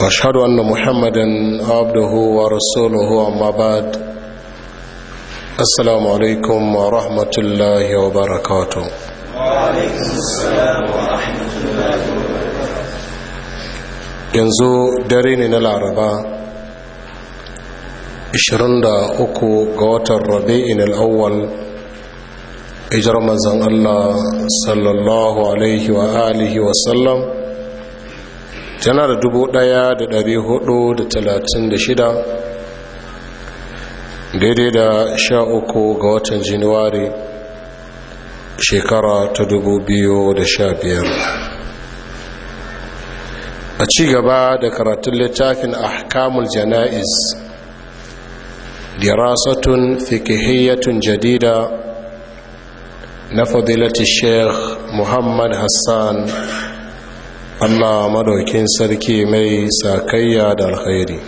أشهد أن محمدا عبده ورسوله أما بعد السلام عليكم ورحمة الله وبركاته وعليكم السلام ورحمة الله وبركاته ينزو دارين العربة 23 ga watan rabi'in al'awwal hijirar manzon Allah sallallahu alaihi wa alihi wa sallam tana da dubu ɗaya da ɗari hudu da talatin da shida daidai da sha uku ga watan januwari shekara ta dubu biyu da sha biyar a cigaba da karatun littafin ahkamul jana'iz fikihiyyatun jarida na fadilati shekh muhammad Hassan. allah madaukin sarki mai sakayya da alkhairi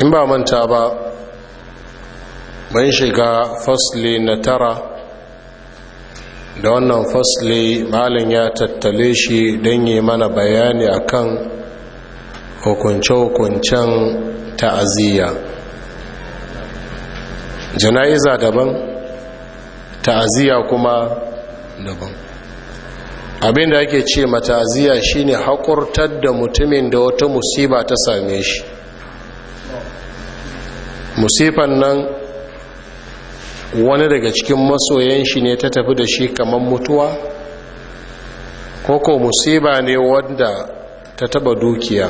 in ba manta ba ban shiga fasli na tara da wannan fasli malin ya tattale shi don yi mana bayani akan hukunce-hukuncen ta'aziyya jana'iza daban ta'aziyya kuma daban abin da ake ce mataziya shine haƙurtar da mutumin da wata musiba ta same shi musifan nan wani daga cikin masoyan shi ne ta tafi da shi kamar mutuwa ko musiba ne wanda ta taba dukiya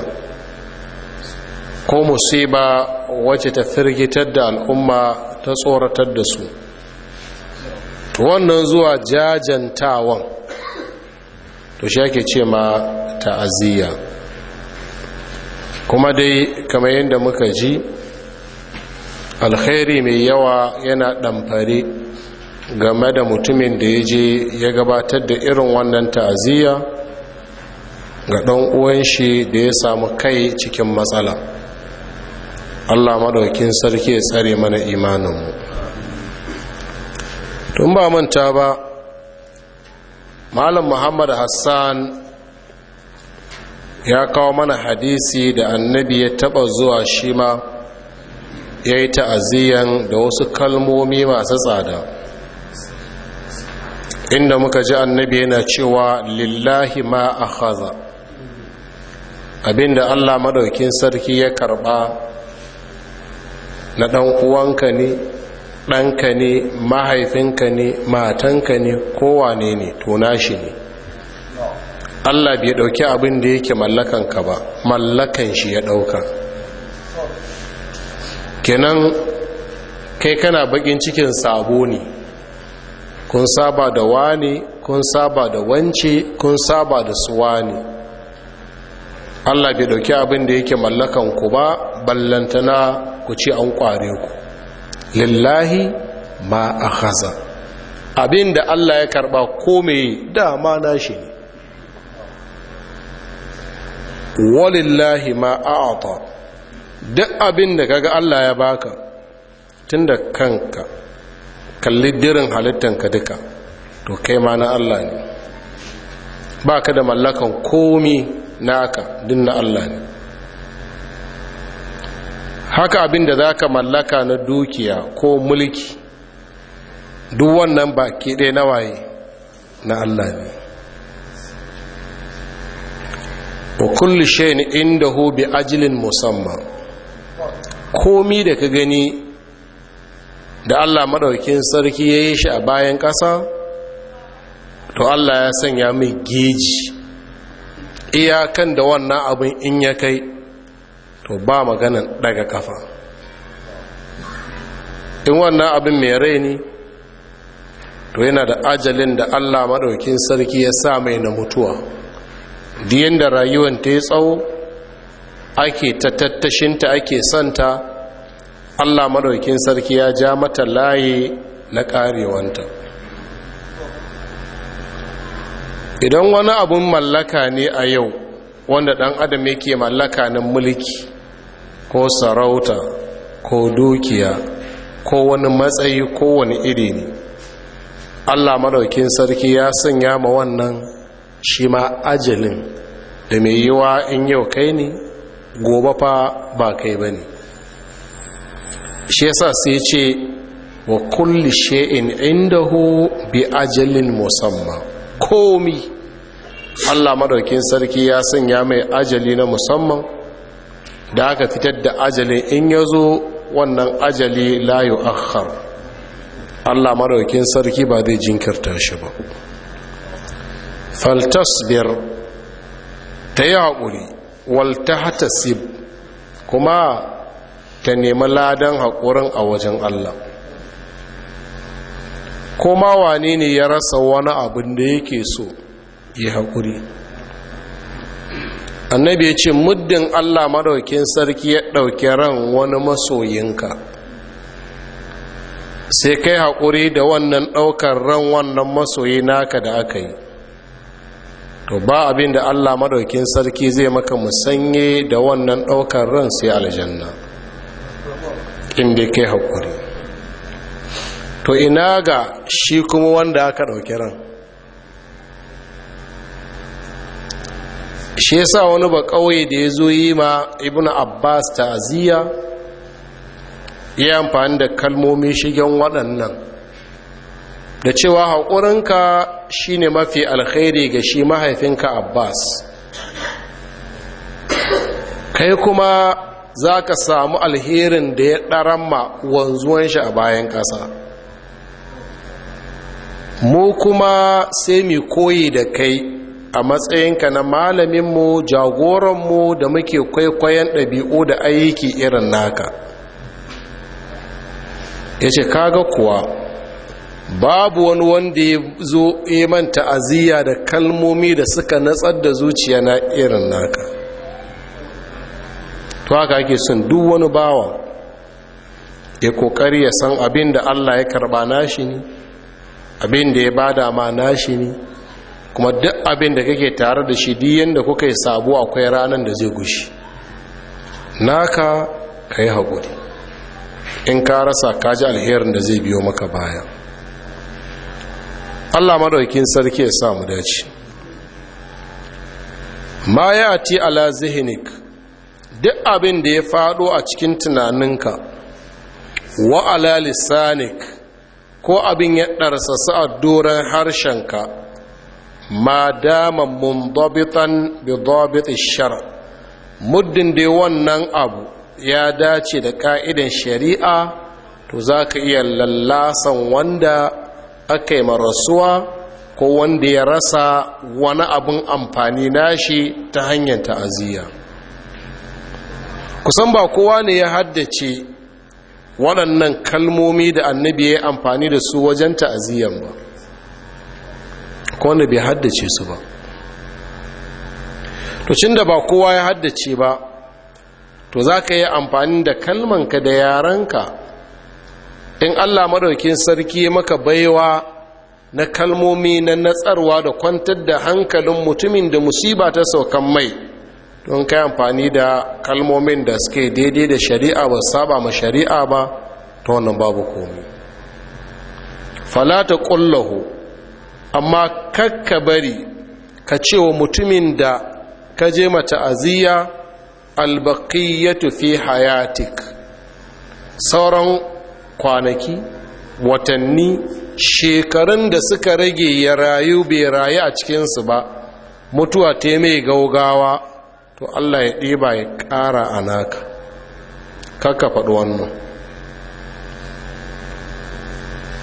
ko musiba wacce ta firgitar da al'umma ta tsoratar da su wannan zuwa jajantawan to shi ake ce ma ta'aziyya kuma dai kamar yadda muka ji alkhairi mai yawa yana ɗamfare game da mutumin da ya je ya gabatar da irin wannan ta'aziyya ga ɗan uwan shi da ya samu kai cikin matsala allah maɗaukin sarki ya tsare mana imaninmu tun ba manta ba malam muhammad hassan ya kawo mana hadisi da annabi ya taba zuwa shi ma ya yi ta'aziyyan da wasu kalmomi masu tsada inda muka ji annabi yana cewa lillahi ma a haza abinda allah maɗaukin sarki ya karba na ɗan uwanka ne ɗanka ne mahaifinka ne matanka ne kowane ne tona shi ne allah bai ɗauki abin da yake mallakanka ba mallakan shi ya ɗauka kenan kai kana bakin cikin sabo ne kun saba da wani kun saba da wance kun saba da suwa ne. allah bai ɗauki abin da yake mallakan ku ba ballantana ku ce an kware ku lillahi ma akhaza abin da Allah ya karba kome dama shi ne walillahi ma a'ata duk abin da kaga Allah ya baka tunda kanka kalli dirin halittanka duka to kai ma na Allah ne baka da mallakan komi naka din na Allah ne haka abin da za ka mallaka na dukiya ko mulki duk wannan ba ke ɗaya na waye na Allah ne wa kulli shayin inda hu bi ajilin musamman komi da ka gani da Allah maɗaukin sarki ya yi shi a bayan ƙasa to Allah ya sanya mai geji iyakan da wannan abin in ya kai to ba maganan daga kafa in wannan abin mai rai ne to yana da ajalin da allah maɗaukin sarki ya sa mai na mutuwa diyan da rayuwan ta yi tsawo ake ta tattashinta ake santa allah maɗaukin sarki ya ja mata layi na ƙarewanta idan wani abun mallaka ne a yau wanda ɗan adam yake mallaka na mulki ko sarauta ko dukiya ko wani matsayi ko wani iri ne allah maɗaukin sarki ya sanya ma wannan shi ma ajalin da mai yiwa in yau kai ne gobe fa ba kai ba ne shi yasa sai ce wa kulli she'in indahu bi ajalin musamman komi allah maɗaukin sarki ya sanya mai ajali na musamman da aka fitar da ajali in ya zo wannan ajali layu akhar allah maraukin sarki ba zai jinkirta shi ba faltasbir ta yi haƙuri waltahtasib kuma ta nemi ladan haƙurin a wajen allah kuma wane ne ya rasa wani abin da yake so ya haƙuri annabi ya ce muddin allah maɗaukin sarki ya ɗauki ran wani masoyinka sai kai haƙuri da wannan ɗaukar ran wannan masoyi naka da aka yi to ba abin da allah maɗaukin sarki zai maka musanye da wannan ɗaukar ran sai aljanna inda kai haƙuri to ina ga shi kuma wanda aka ɗauki ran shi yasa wani ba kauye da ya zo yi ma ibn abbas ta'aziyya ya amfani da kalmomin shigen waɗannan da cewa haƙurinka shine mafi alkhairi ga shi mahaifinka abbas kai kuma za ka samu alherin da ya ɗaramma wanzuwan shi a bayan ƙasa mu kuma sai mai koyi da kai a matsayinka na malaminmu jagoranmu da muke kwaikwayon ɗabi'u da aiki irin naka ya ce kaga kuwa babu wani wanda ya zo iman ta'aziyya da kalmomi da suka natsar da zuciya na irin naka to haka ake sun duk wani bawa ya kokari ya san abin da allah ya karba nashi ne abin da ya bada ma nashi ne kuma duk abin da kake tare da shi diyan da kuka yi sabo akwai ranar da zai gushi naka ka yi haƙuri in ka rasa ka ji alherin da zai biyo maka baya allah maɗaukin sarki ya samu dace ma ya ti ala zihinik duk abin da ya faɗo a cikin tunaninka wa ala lissanik ko abin ya ɗarsa a doron harshenka ma dama dabitan bi dabit shar muddin dai wannan abu ya dace da ka'idan shari'a to zaka iya lallasan wanda aka yi marasuwa ko wanda ya rasa wani abun amfani nashi ta hanyar ta'aziyya kusan ba kowa ne ya haddace waɗannan kalmomi da annabi ya amfani da su wajen ta'aziyyan ba ko wanda bai haddace su ba to cin da ba kowa ya haddace ba to za ka yi amfani da kalman ka da ka in allah maɗaukin sarki maka baiwa na kalmomi na natsarwa da kwantar da hankalin mutumin da musiba ta saukan mai don kai amfani da kalmomin da suke daidai da shari'a ba saba ma shari'a ba ta wannan babu komi falata ƙullahu amma kakka bari ka ce wa mutumin da ka je mata albaki ya tufi hayatik sauran kwanaki watanni shekarun da suka rage ya rayu bai rayu a cikinsu ba mutuwa ta mai gaugawa to allah ya ɗiba ya ƙara a naka kakka faɗi wannan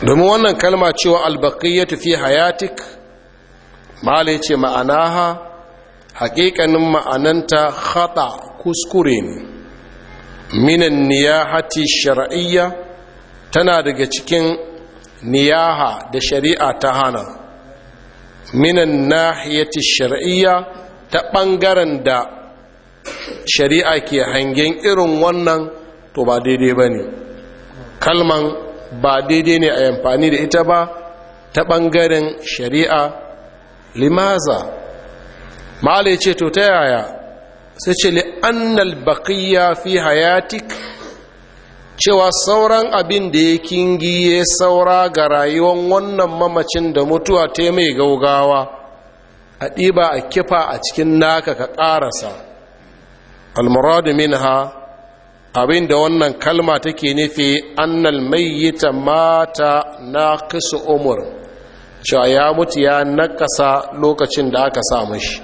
domin wannan kalma cewa ya fi hayatik malai ce ma'anaha haƙiƙanin ma'ananta haɗa kuskure ne minan niyahati shar'iyya tana daga cikin niyaha da shari'a ta hana minan nahiyati shar'iyya ta ɓangaren da shari'a ke hangen irin wannan to ba daidai ba ne kalman ba daidai ne a yamfani da ita ba ta ɓangaren shari'a limaza ma'ala ce to ta yaya sai ce li'annal baƙiya fi hayatik cewa sauran abin da ya kingiye saura ga rayuwar wannan mamacin da mutuwa ta mai gaugawa a ɗiba a kifa a cikin naka ka ƙarasa almuradu ha. abin da wannan kalma take nufi annal mayyita mata na kasa umur cewa ya mutu ya nakasa lokacin da aka sa mashi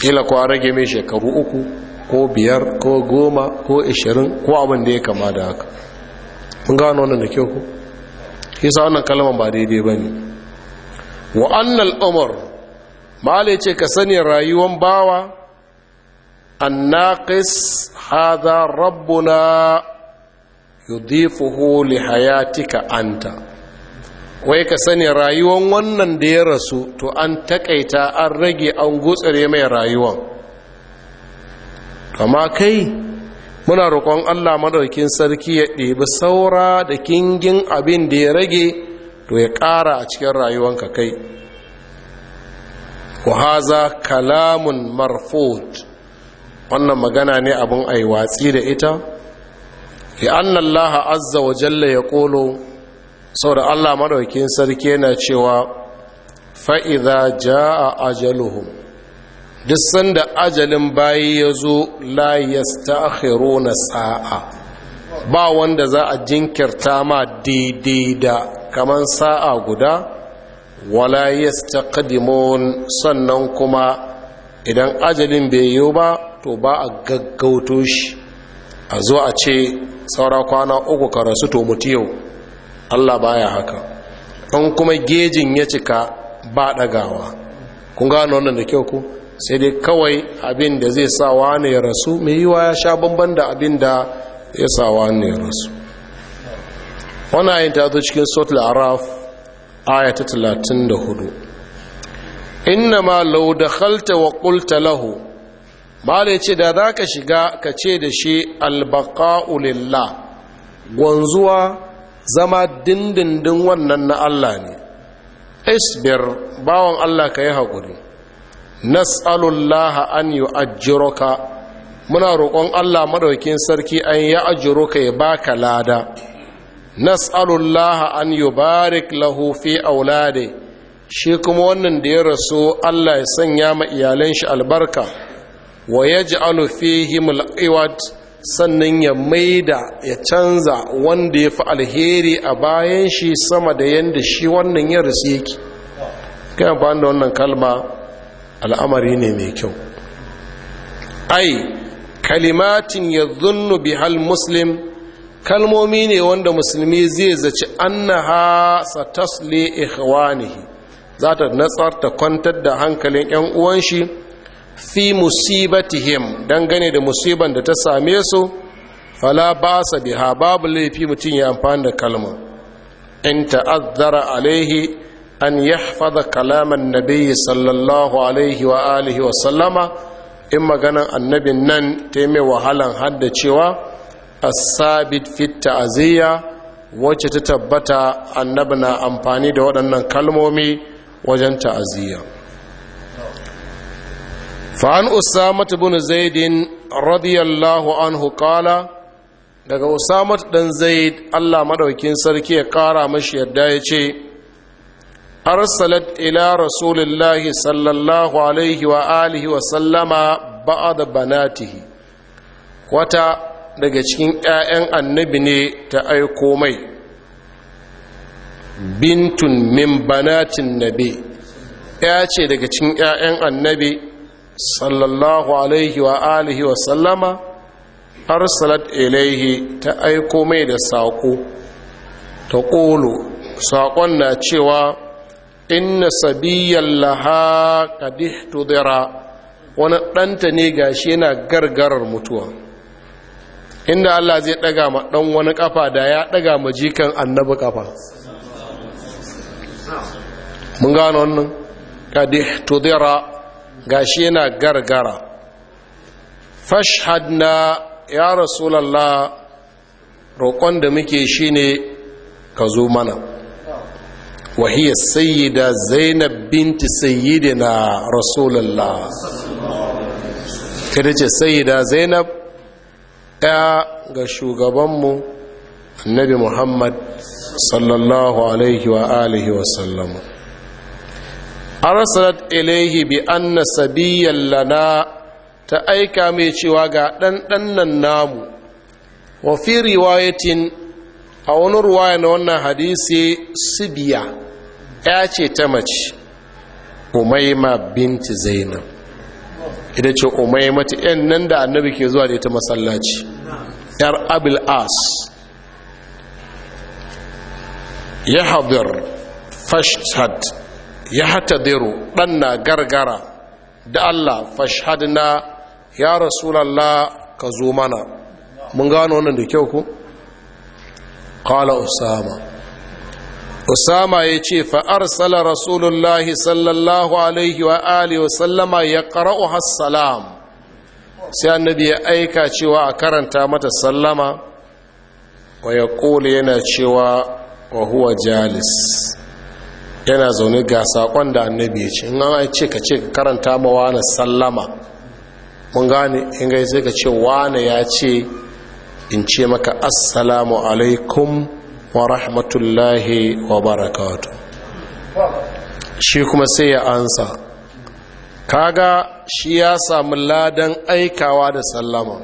kila kwa rage mai shekaru uku ko biyar ko goma ko ishirin ko abin da ya kama da haka mun gano wannan da kyau ku kisa wannan kalmar ba daidai ba ne wa annal umar ma ce ka sani rayuwan bawa annaqis hadha rabbuna yudhifuhu ka hayatika anta wai ka sani rayuwan wannan da ya rasu to an takaita an rage an gutsare mai rayuwan amma kai muna roƙon Allah madaukin sarki ya ɗebi saura da kingin abin da ya rage to ya ƙara a cikin rayuwanka kai Ku haza kalamun Marfot. wannan magana ne abin a yi watsi da ita ya laha azza wa jalla ya kolo. sau da allah maɗaukin sarki na cewa fa'iza ja a ajaluhu duk sanda ajalin bayi ya zo layas ta na sa'a ba wanda za a jinkirta ma daidai da kamar sa'a guda wala yastaqdimun sannan kuma idan ajalin bai yiwu ba to ba a gaggauto shi a zo a ce saura kwana uku ka rasu to mutu yau allah baya haka an kuma gejin ya cika ba ɗagawa kun gano wannan da kyau ku sai dai kawai abin da zai sa wani ya rasu mai yiwa ya sha bamban da abin da ya sa wani ya rasu wani ayin ta zo cikin sot araf aya ta 34 inna ma lau da halta wa kulta lahu mala ya ce da za ka shiga ka ce da shi albaka'ulillah gwanzuwa zama dindindin wannan na Allah ne isbir bawan Allah ka yi haƙuri nas'alullaha an yi ajiroka muna roƙon Allah maɗaukin sarki an yi ajiroka ya baka lada nas'alullah an yi barik lahufi a aulade shi kuma wannan da ya rasu Allah ya sanya ma iyalan shi albarka wa alu fihim al-iwad sannan ya maida ya canza wanda ya fi alheri a bayan shi sama da yadda shi wannan ya rasu yake kai amfani da wannan kalma al'amari ne mai kyau ai kalimatin ya zunnu bihal muslim kalmomi ne wanda musulmi zai zaci annaha satasli ikhwanihi za ta natsar ta kwantar da hankalin 'yan uwanshi. fi musibatihim dangane da musiban da ta same su fala ba sa biha babu laifi mutum ya amfani da kalma. in ta'azzara alaihi an yahfaza kalaman nabiyyi sallallahu alaihi wa alihi wa sallama in maganan annabin nan ta mai wahalan haddacewa as-sabit fi ta'ziya wacce ta tabbata annabi na amfani da waɗannan kalmomi wajen ta'aziyya fa'an usamatu bin zaidin radiyallahu anhu kala daga usamatu ɗan zaid allah maɗaukin sarki ya ƙara mashi yadda ya ce arsalat ila rasulillahi sallallahu alaihi wa alihi wa sallama ba'ad banatihi wata daga cikin 'ya'yan annabi ne ta aiko mai bintun min banatin nabi ya ce daga cikin 'ya'yan annabi sallallahu alaihi wa alihi wa sallama arsalat ilaihi ta aiko mai da saƙo ta ƙolo saƙon na cewa inna sabiyyan laha kadih tudira wani ɗanta ne gashi yana gargarar mutuwa inda Allah zai ɗaga ma ɗan wani ƙafa da ya ɗaga ma jikan annabi ƙafa mun gano wannan kadih tudira gashi yana gargara fashhadna ya rasulallah roƙon da muke shine ka zo mana wahiyar sayyida zainab binti sayyidina rasulallah ta dace sayyida zainab ɗaya ga shugabanmu annabi muhammad sallallahu alaihi wa alihi arsalat ilaihi bi anna sabiyyan lana ta aika mai cewa ga ɗanɗannan namu wa fi riwayatin a wani ruwaya na wannan hadisi sibiya ya ce ta mace umaima binti zainab ita ce umaima ta yan nan da annabi ke zuwa da ita masallaci yar abil as ya haɗar fashtad ya hata dero ɗan na gargara da allah fashadina ya rasulallah ka zo mana mun gano wannan da kyau ku ƙala usama usama ya ce fa'arsala rasulullahi sallallahu alaihi wa alihi wasallama ya ƙara'u hassalam sai annabi ya aika cewa a karanta mata sallama wa ya ƙole yana cewa wa huwa jalis yana zaune ga sakon da annabi ya ce in an ce ka ce karanta ma wani sallama mun gane in gai sai ka ce wani ya ce in ce maka assalamu alaikum wa rahmatullahi wa barakatu shi kuma sai ya ansa kaga shi ya samu ladan aikawa da sallama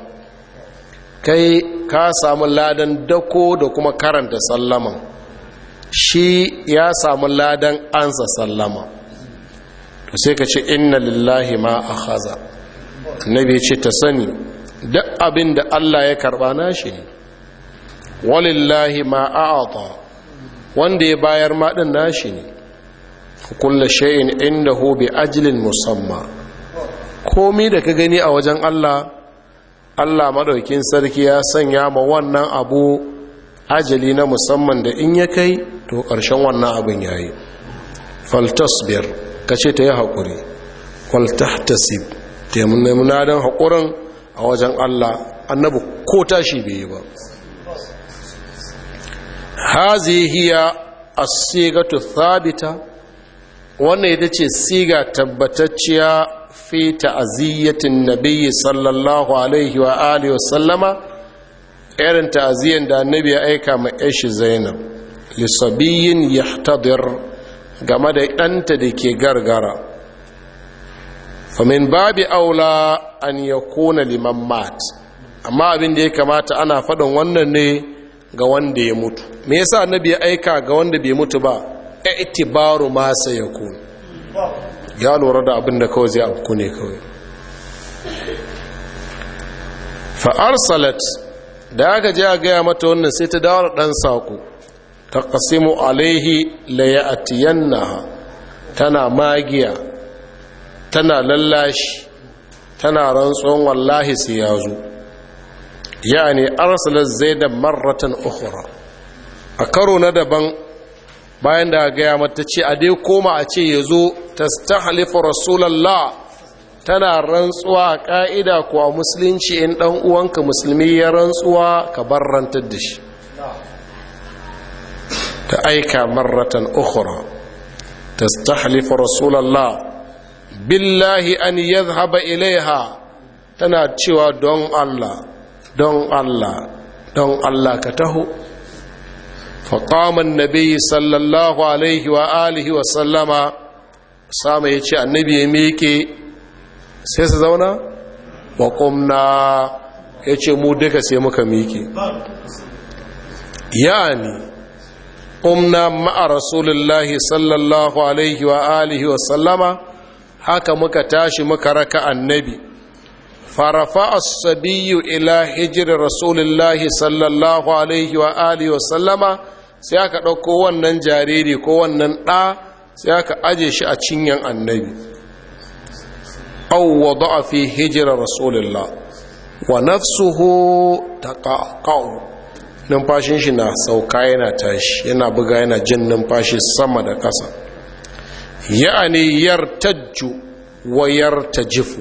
kai ka samu ladan dako da kuma karanta sallaman shi ya samu ladan ansa sallama to sai ka ce inna lillahi ma a haza annabi ce ta sani duk abin da allah ya karba na shi walillahi ma a'ata wanda ya bayar maɗin nashi ne kulla shay'in indahu bi ajlin musamma komi da ka gani a wajen Allah Allah madaukin sarki ya sanya ma wannan abu ajali na musamman da in ya kai to ƙarshen wannan abin ya yi faltasbir ka ce ta yi haƙuri faltahtasib taimuna don haƙurin a wajen allah annabu ko tashi bai yi ba hazi hiya as-sigatu thabita wannan ita ce siga tabbatacciya fi ta'ziyatin nabi sallallahu alaihi wa alihi wasallama irin taziyan da annabi ya aika ma yashi zainab lissabiyin yahtadir game da ɗanta da ke gargara famin babi aula an ya kona liman mat amma abin da ya kamata ana faɗin wannan ne ga wanda ya mutu me yasa annabi ya aika ga wanda bai mutu ba i'tibaru baro masa ya lura da abin da kawai zai afku ne kawai fa arsalat da aka je a gaya mata wannan sai ta dawo da ɗan saƙo ta kasimu alaihi layatiyannaha tana magiya tana lallashi tana rantsuwan wallahi sai ya zo yani arsalar zai da marratan ukhra a karo na daban bayan da gaya mata ce a dai koma a ce ya zo ta stahalifa rasulallah tana rantsuwa a ƙa'ida ko a musulunci in ɗan uwanka musulmi ya rantsuwa ka barrantar da shi ta aika marratan ukhra ta stahalifa billahi an yadhhaba ilaiha tana cewa don allah don allah don allah ka taho فقام النبي صلى الله عليه وآله وسلم سامي يتشي النبي ميكي sai su zauna waƙumna ya ce mu duka sai muka miƙe ne umna ma'a rasulullahi sallallahu alaihi wa alihi wa sallama haka muka tashi muka raka annabi farafa asabiyu ila hijirar rasulullahi sallallahu alaihi wa alihi wa sallama sai aka ɗauko wannan jariri ko wannan ɗa sai aka aje shi a cinyan annabi aw wada'a fi hijra rasulillah wa nafsuhu taqaqa'u numfashin shi na sauka yana tashi yana buga yana jin numfashi sama da ƙasa ya'ani yartajju wa yartajifu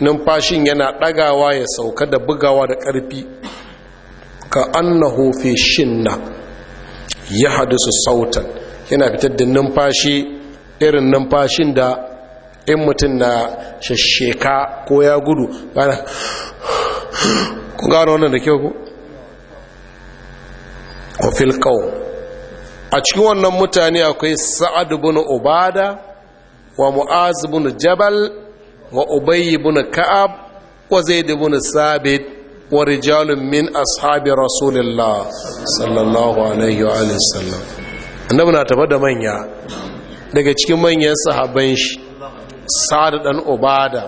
numfashin yana ɗagawa ya sauka da bugawa da ƙarfi ka annahu fi shinna ya su sautan yana fitar da numfashi irin numfashin da in mutum na shasheka ko ya gudu gana ku gano wannan da kyau ku ofil kawo a cikin wannan mutane akwai sa'ad bin ubada wa mu'az bin jabal wa ubayy bin ka'ab wa zai zaid bin sabit wa rijalun min ashabi rasulillah sallallahu alaihi wa sallam annabi na da manya daga cikin manyan sahabban shi sa'ad ɗan ubada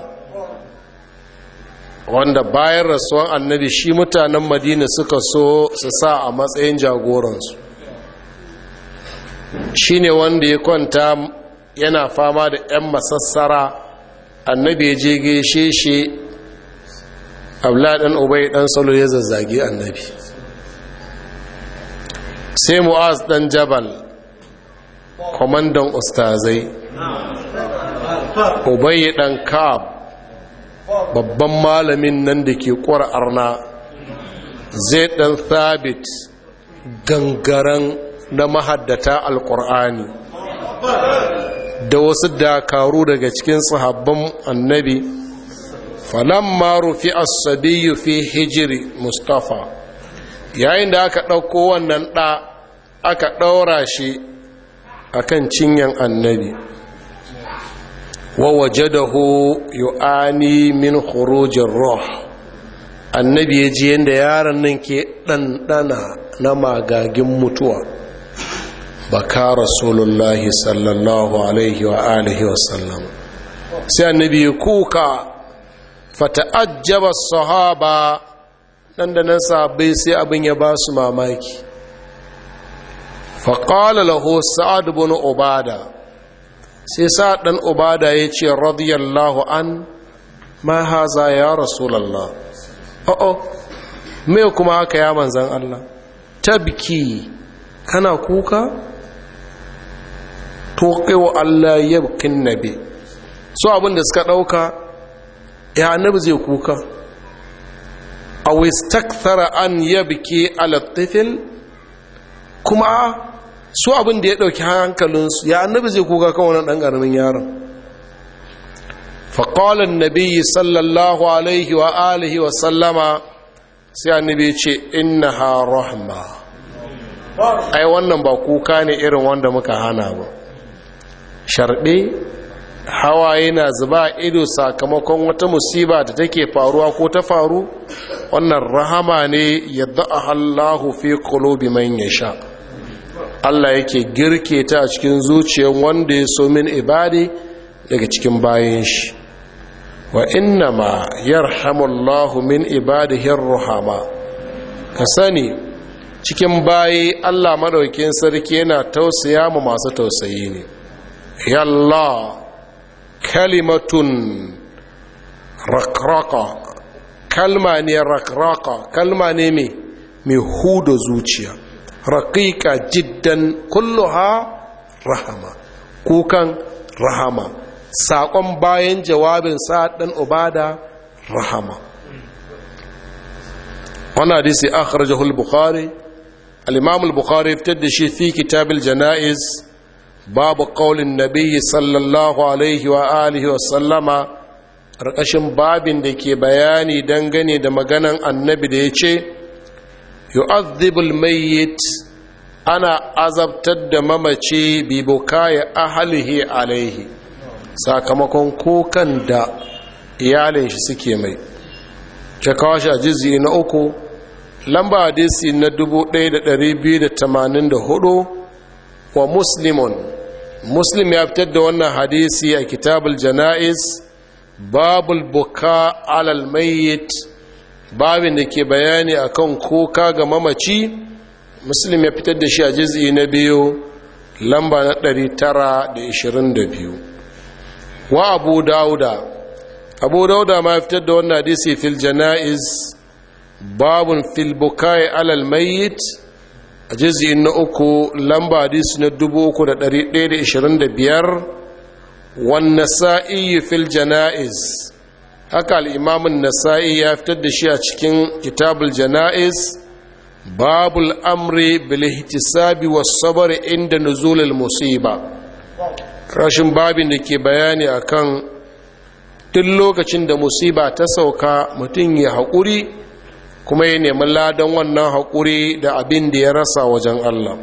wanda bayan rasuwan annabi shi mutanen madina suka so su sa a matsayin jagoransu shi ne wanda ya kwanta yana fama da 'yan masassara annabi ya je gaishe shi abladan ubai dan salo ya zazzage annabi sai mu'az dan jabal kwamandan ustazai ubayi dan kab babban malamin nan da ke ƙwar'ar na zai ɗan thabit gangaren na mahaddata alƙur'ani da wasu dakaru daga cikin sahabban annabi ma rufi a sabiyyu fi hijiri mustapha yayin da aka ɗauko wannan ɗa aka ɗaura shi a kan cinyan annabi wa wajadahu yu'ani min khurujin ruh annabi ya ji yadda yaron nan ke ɗanɗana na magagin mutuwa baka rasulullahi sallallahu alaihi wa alihi wa sallam sai annabi ya kuka fata'ajjaba sahaba nan da nan sai abin ya ba su mamaki faƙala hosu sa'ad bin obada sai sa ɗan ubada ya ce radiyallahu an ma haza ya rasulallah o'o oh, oh, me kuma haka ya manzan Allah tabki kana kuka To tokewa Allah ya bukin nabi so abinda suka ɗauka ya nabi zai kuka a wistakthara an yabki ala tifil kuma su abin da ya ɗauki hankalinsu ya annabi zai kuka kan wani ɗan ƙaramin yaron فقال sallallahu alaihi wa alihi wa sallama, sai annabi ce ha rahma ai wannan ba kuka ne irin wanda muka hana ba sharbe hawa yana zuba ido sakamakon wata musiba da take faruwa ko ta faru wannan rahama ne yadda Allahu fi kulobi man sha. Allah yake girke ta a cikin zuciyar wanda ya so min ibadi daga cikin bayan shi wa inna ma yarhamullahu min ibadihi ruhama ka sani cikin bayi Allah madaukin sarki yana tausaya mu masu tausayi ne yalla kalimatun rakraka kalma ne rakraka kalma ne mai huda zuciya raƙiƙa jiddan kulluha rahama kukan rahama saƙon bayan jawabin sa'ad ɗan ubada rahama wani hadisi akhrajahu al-bukhari al bukhari fitar da shi fi kitabil janaiz babu qaulin nabiyyi sallallahu alaihi wa alihi wa sallama ƙarƙashin babin da ke bayani dangane da maganan annabi da ya ce yu'adhibul mayyit ana azabtar da mamaci bi bukaya ahlihi alaihi sakamakon kukan da iyalin shi suke mai ta shi a jizi na uku lamba hadisi na 1284 wa muslimun muslim ya fitar da wannan hadisi a kitabul jana'iz babul buka alal mayyit babin da ke bayani a kan kuka ga mamaci muslim ya fitar da shi a jiz'i na biyu lamba na 922 wa abu dauda abu dauda ma fitar da wannan hadisi fil jana'iz babun fil bukai alal mayyit a jiz'i na uku lamba hadisi na 3125 wannan sa'i fil jana'iz haka al'imamun nasa'i ya fitar da shi a cikin kitabul jana'iz babul amri bilihtisabi wa sabar inda nuzulul musiba rashin babin da ke bayani akan tun lokacin da musiba ta sauka mutum ya haƙuri kuma ya nemi ladan wannan haƙuri da abin da ya rasa wajen Allah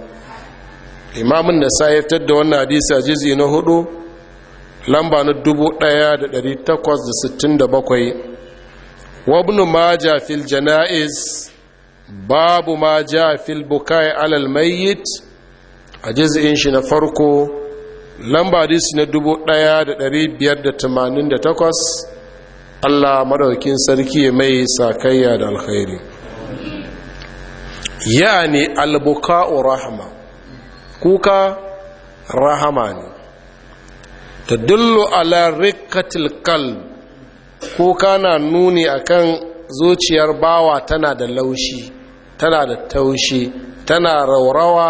imamun nasa'i ya fitar da wannan hadisi a jizi na hudu lamba na 1867 wabnu maja fil jana'iz babu maja fil bukai alal mayyit a jiz'in shi na farko lamba disi na 1588 Allah maraukin sarki mai sakayya da alkhairi yani albuka'u rahma kuka rahama ne tadullu ala rikatil qalb kuka na nuni akan zuciyar bawa tana da laushi tana da taushi tana raurawa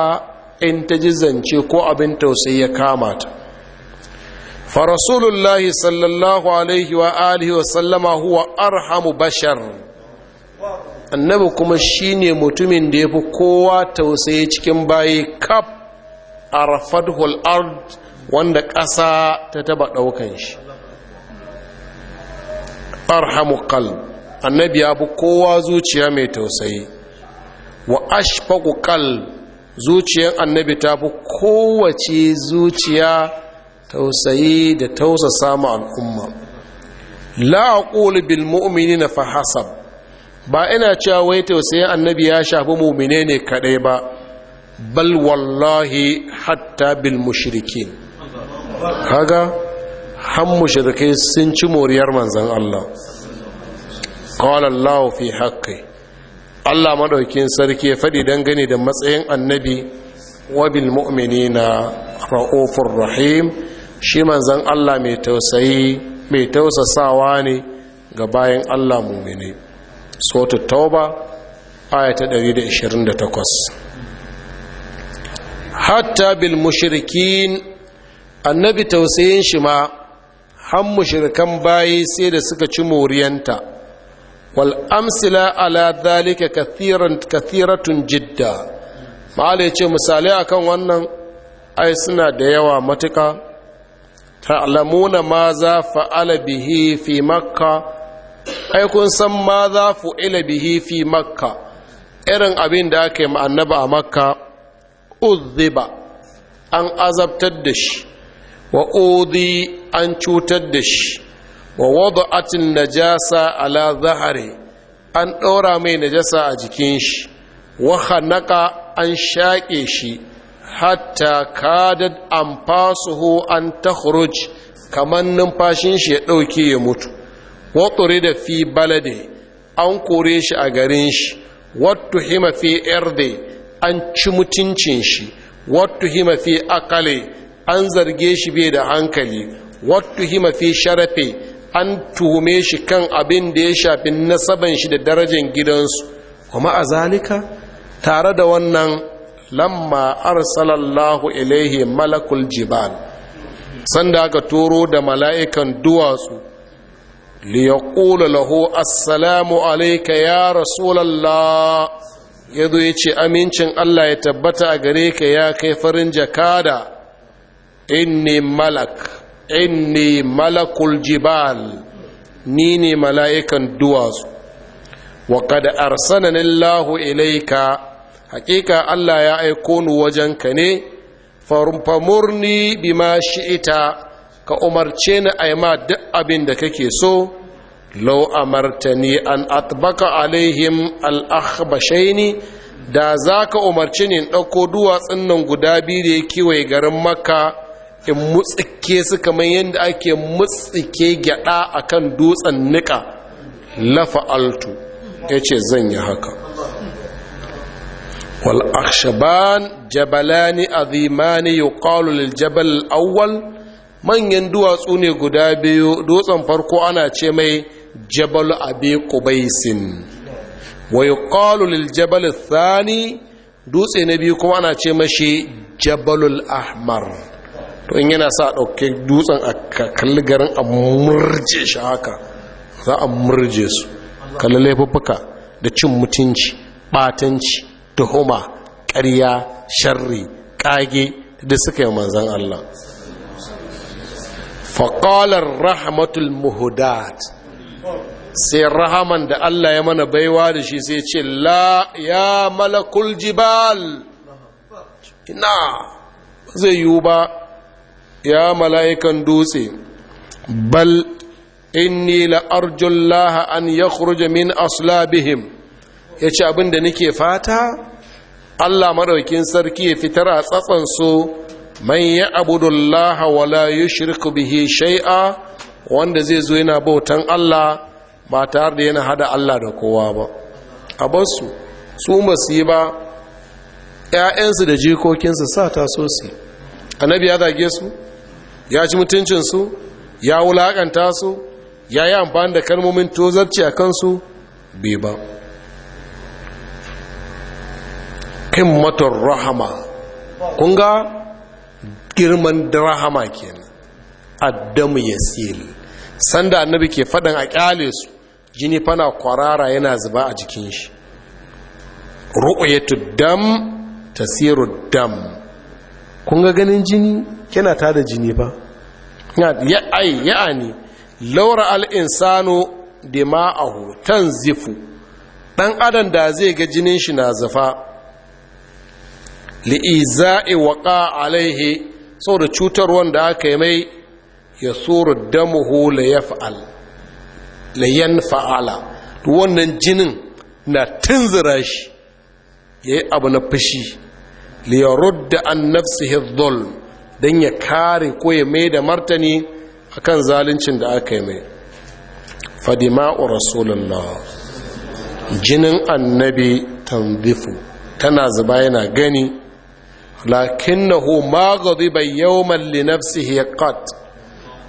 in ta zance ko abin tausayi ya kama ta farasulullahi sallallahu alaihi wa alihi wa sallama huwa arhamu bashar annabi kuma shine mutumin da yafi kowa tausayi cikin bayi kaf a ard wanda ƙasa ta taba ɗaukan shi arhamukal annabi ya bi kowa zuciya mai tausayi wa ashfaqu qalb zuciyar annabi ta fi kowace zuciya tausayi da tausasa ma al'umma la aqulu bil mu'minina fa hasab ba ina cewa wai tausayin annabi ya shafi mu'mine ne kadai ba bal wallahi hatta bil mushrikin Haga, hammu shirkai sun ci moriyar manzan Allah kawalallahu fi haƙƙi Allah maɗaukin sarki ya faɗi dangane da matsayin annabi wabil mu'mini na ra'ofin rahim shi manzan Allah mai tausayi mai tausasawa ne ga bayan Allah mummini sautu tauba ayata 128 hatta bil mushrikin annabi tausayin shi ma han shirikan bayi sai da suka ci moriyanta wal amsila ala dhalika kathiran kathiratun jidda ma'ala yace misali akan wannan ai suna da yawa matuka ta'lamuna ma za fa'ala bihi fi makka ai kun san ma za fu'ila bihi fi makka irin abin da aka yi annabi a makka uzziba an azabtar da shi wa odi an cutar da shi wa wada'atin najasa ala zahari an ɗora mai najasa a jikin shi wa hannaka an shaƙe shi hatta kadad an fasuhu an takhruj kamar numfashin shi ya ɗauke ya mutu wa da fi balade an kore shi a garin shi wattu hima fi erde an ci mutuncin shi wattu hima fi akale an zarge shi bai da hankali wattuhima fi sharafe an tuhume shi kan abin da ya shafi nasaban shi da darajar gidansu kuma a zalika tare da wannan lamma arsalallahu ilaihi malakul jibal sanda aka turo da mala'ikan duwatsu yaqulu lahu assalamu alayka ya rasulallah yazo yace amincin Allah ya tabbata a gare ka ya kai farin jakada inni malak inni malakul jibal ni ne mala'ikan duwatsu wa kada arsananillahu ilaika hakika Allah ya aiko ni wajenka ne farfamurni bima shi'ita ka umarce ni a ma duk abin da kake so lau amartani an atbaka alaihim al'akhbashaini da za ka umarci ni in ɗauko duwatsun nan guda biyu da ya kiwaye garin makka in mutsike su kamar yadda ake mutsike gyada akan dutsen nika lafa altu ya ce zan yi haka wal'akshaban jabalani azimani yuqalu lil jabal awwal manyan duwatsu ne guda biyu dutsen farko ana ce mai jabal abi qubaisin wa yuqalu lil jabal thani dutse na biyu kuma ana ce mashi jabalul ahmar to in yana sa ɗauke dutsen a kalli garin a murje shi haka za a murje su kalli laifuffuka da cin mutunci ɓatanci tuhuma ƙarya sharri ƙage da suka yi manzan Allah faƙalar rahmatul muhudat sai rahaman da Allah ya mana baiwa da shi sai ce la ya malakul jibal ina zai yiwu ba ya mala'ikan dutse bal inni la'arjullaha an ya min aslabihim ya ce abin da nake fata allah maɗaukin sarki ya fitar a su man ya abudullaha wala yi bihi shai'a wanda zai zo yana bautan allah ba tare da yana hada allah da kowa ba a basu su masu yi ba 'ya'yansu da jikokinsu sa ta so su annabi ya zage su ya ci mutuncinsu ya wulaƙanta su ya yi amfani da kalmomin tozarci a kansu bai ba ƙimmatar rahama kunga girman rahama kenan addamu ya tsiri sanda annabi ke faɗin a ƙyale su jini fana kwarara yana zuba a jikin shi ru'uyatu dam tasiru dam kun ganin jini Kina ta da jini ba ya'ai ya'ani laura al'insano da ma'ahu tan zifu ɗan adam da zai ga jinin shi na zafa li'iza'i waƙa alaihe sau da cutar wanda aka yi mai ya tsoro damuhu layan fa'ala wannan jinin na tunzura shi ya abu na fushi liyarudda an nafsihi dhulm don ya kare ko ya mai da martani akan zaluncin da aka yi mai fadima'u rasulullah jinin annabi tanzifu tana zuba yana gani hu ma ghadiba yawman li ya kat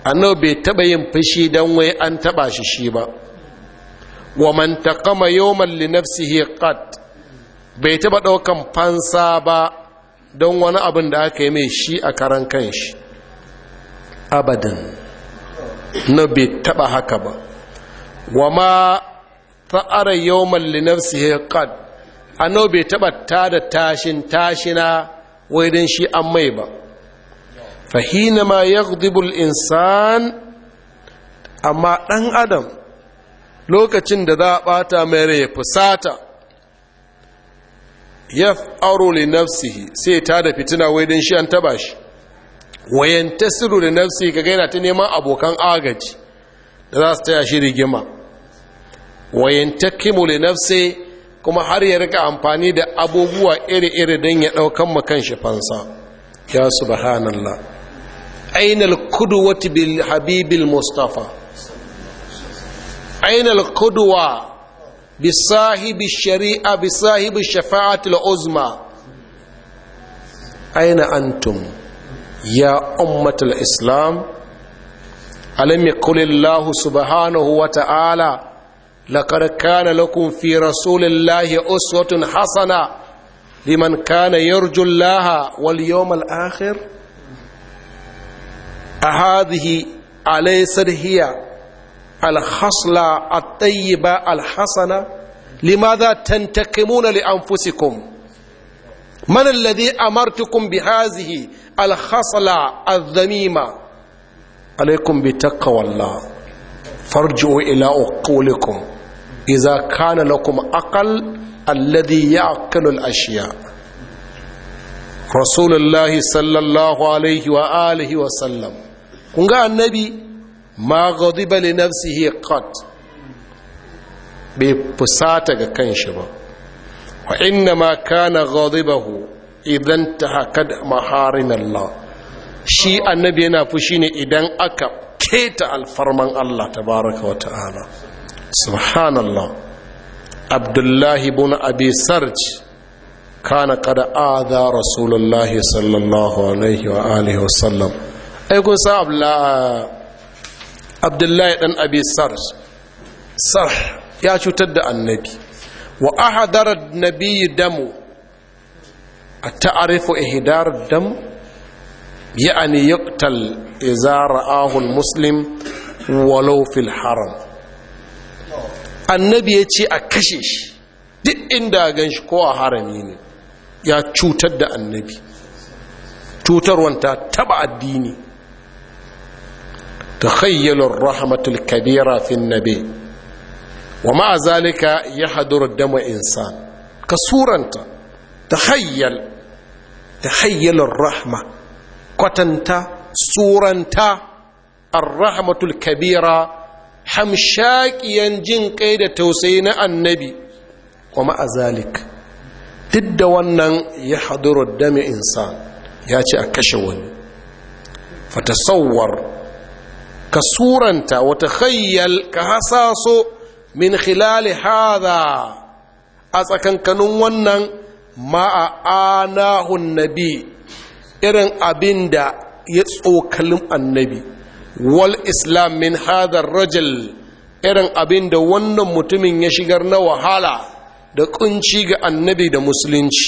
annabi bai taba yin fushi don wai an taba shi shi ba wa man taqama yawman li ya kat. bai taba daukan fansa ba don wani abin da aka yi mai shi a karan shi abadan na bai taba haka ba wa ma ta'ara su linafsihi a annabi bai taba tada tashin tashina wai dan shi an mai ba fahina ma ya gudubul insan amma dan adam lokacin da za a bata mai rai fusata auro li nafsihi sai ta da fitina wai dan shi an taba shi wayan tasiru li nafsihi kaga yana ta neman abokan agaji da za su taya shi rigima wayan takimu li nafsi kuma har ya rika amfani da abubuwa iri-iri don ya daukan ma shi fansa ya subhanallah ainal kuduwati bil habibil mustafa ainal kuduwa bisahibi shari'a bisahibi shafa'atul uzma aina antum ya ummatul islam alam yakulillahu subhanahu wa ta'ala لقد كان لكم في رسول الله أسوة حسنة لمن كان يرجو الله واليوم الآخر أهذه أليست هي alhasla at-tayyiba alhasana limadha tantakimuna li anfusikum man alladhi amartukum bi hazihi alhasla adh-dhamima alaykum bi taqwallah farji'u ila uqulikum Iza kana lakum aqal alladhi ya'qilu al-ashya' rasulullahi sallallahu alaihi wa alihi wa sallam kun ga annabi ma ghadiba li nafsihi qat bai fusata ga kanshi ba wa inna ma kana ghadibahu idan tahakad maharin Allah shi annabi yana fushi ne idan aka keta alfarman Allah tabaraka wa ta'ala subhanallah abdullahi ibn abi sarj kana kada aza rasulullahi sallallahu alaihi wa alihi wasallam ai kun sa abla abdullahi dan abi sars ya cutar da annabi wa ahadara damu a ta'arifu ihdar dam ya'ani yuqtal idza ra'ahu muslim walau fil haram annabi ya ce a kashe shi duk inda gan shi ko a harami ne ya cutar da annabi cutarwanta taba addini تخيل الرحمة الكبيرة في النبي ومع ذلك يحضر الدم إنسان كصورة تخيل تخيل الرحمة كتنت صورة الرحمة الكبيرة حمشاك ينجن قيد توسين النبي ومع ذلك duk da wannan ya haduru dami insan ya ce a kashe wani fatasawar ka suranta wata khayyal ka hasaso min khilali hada a tsakankanin wannan ma'anahun nabi irin abin da ya tsokalin annabi wal islam min hadar rajul irin abin da wannan mutumin ya shigar na wahala da kunci ga annabi da musulunci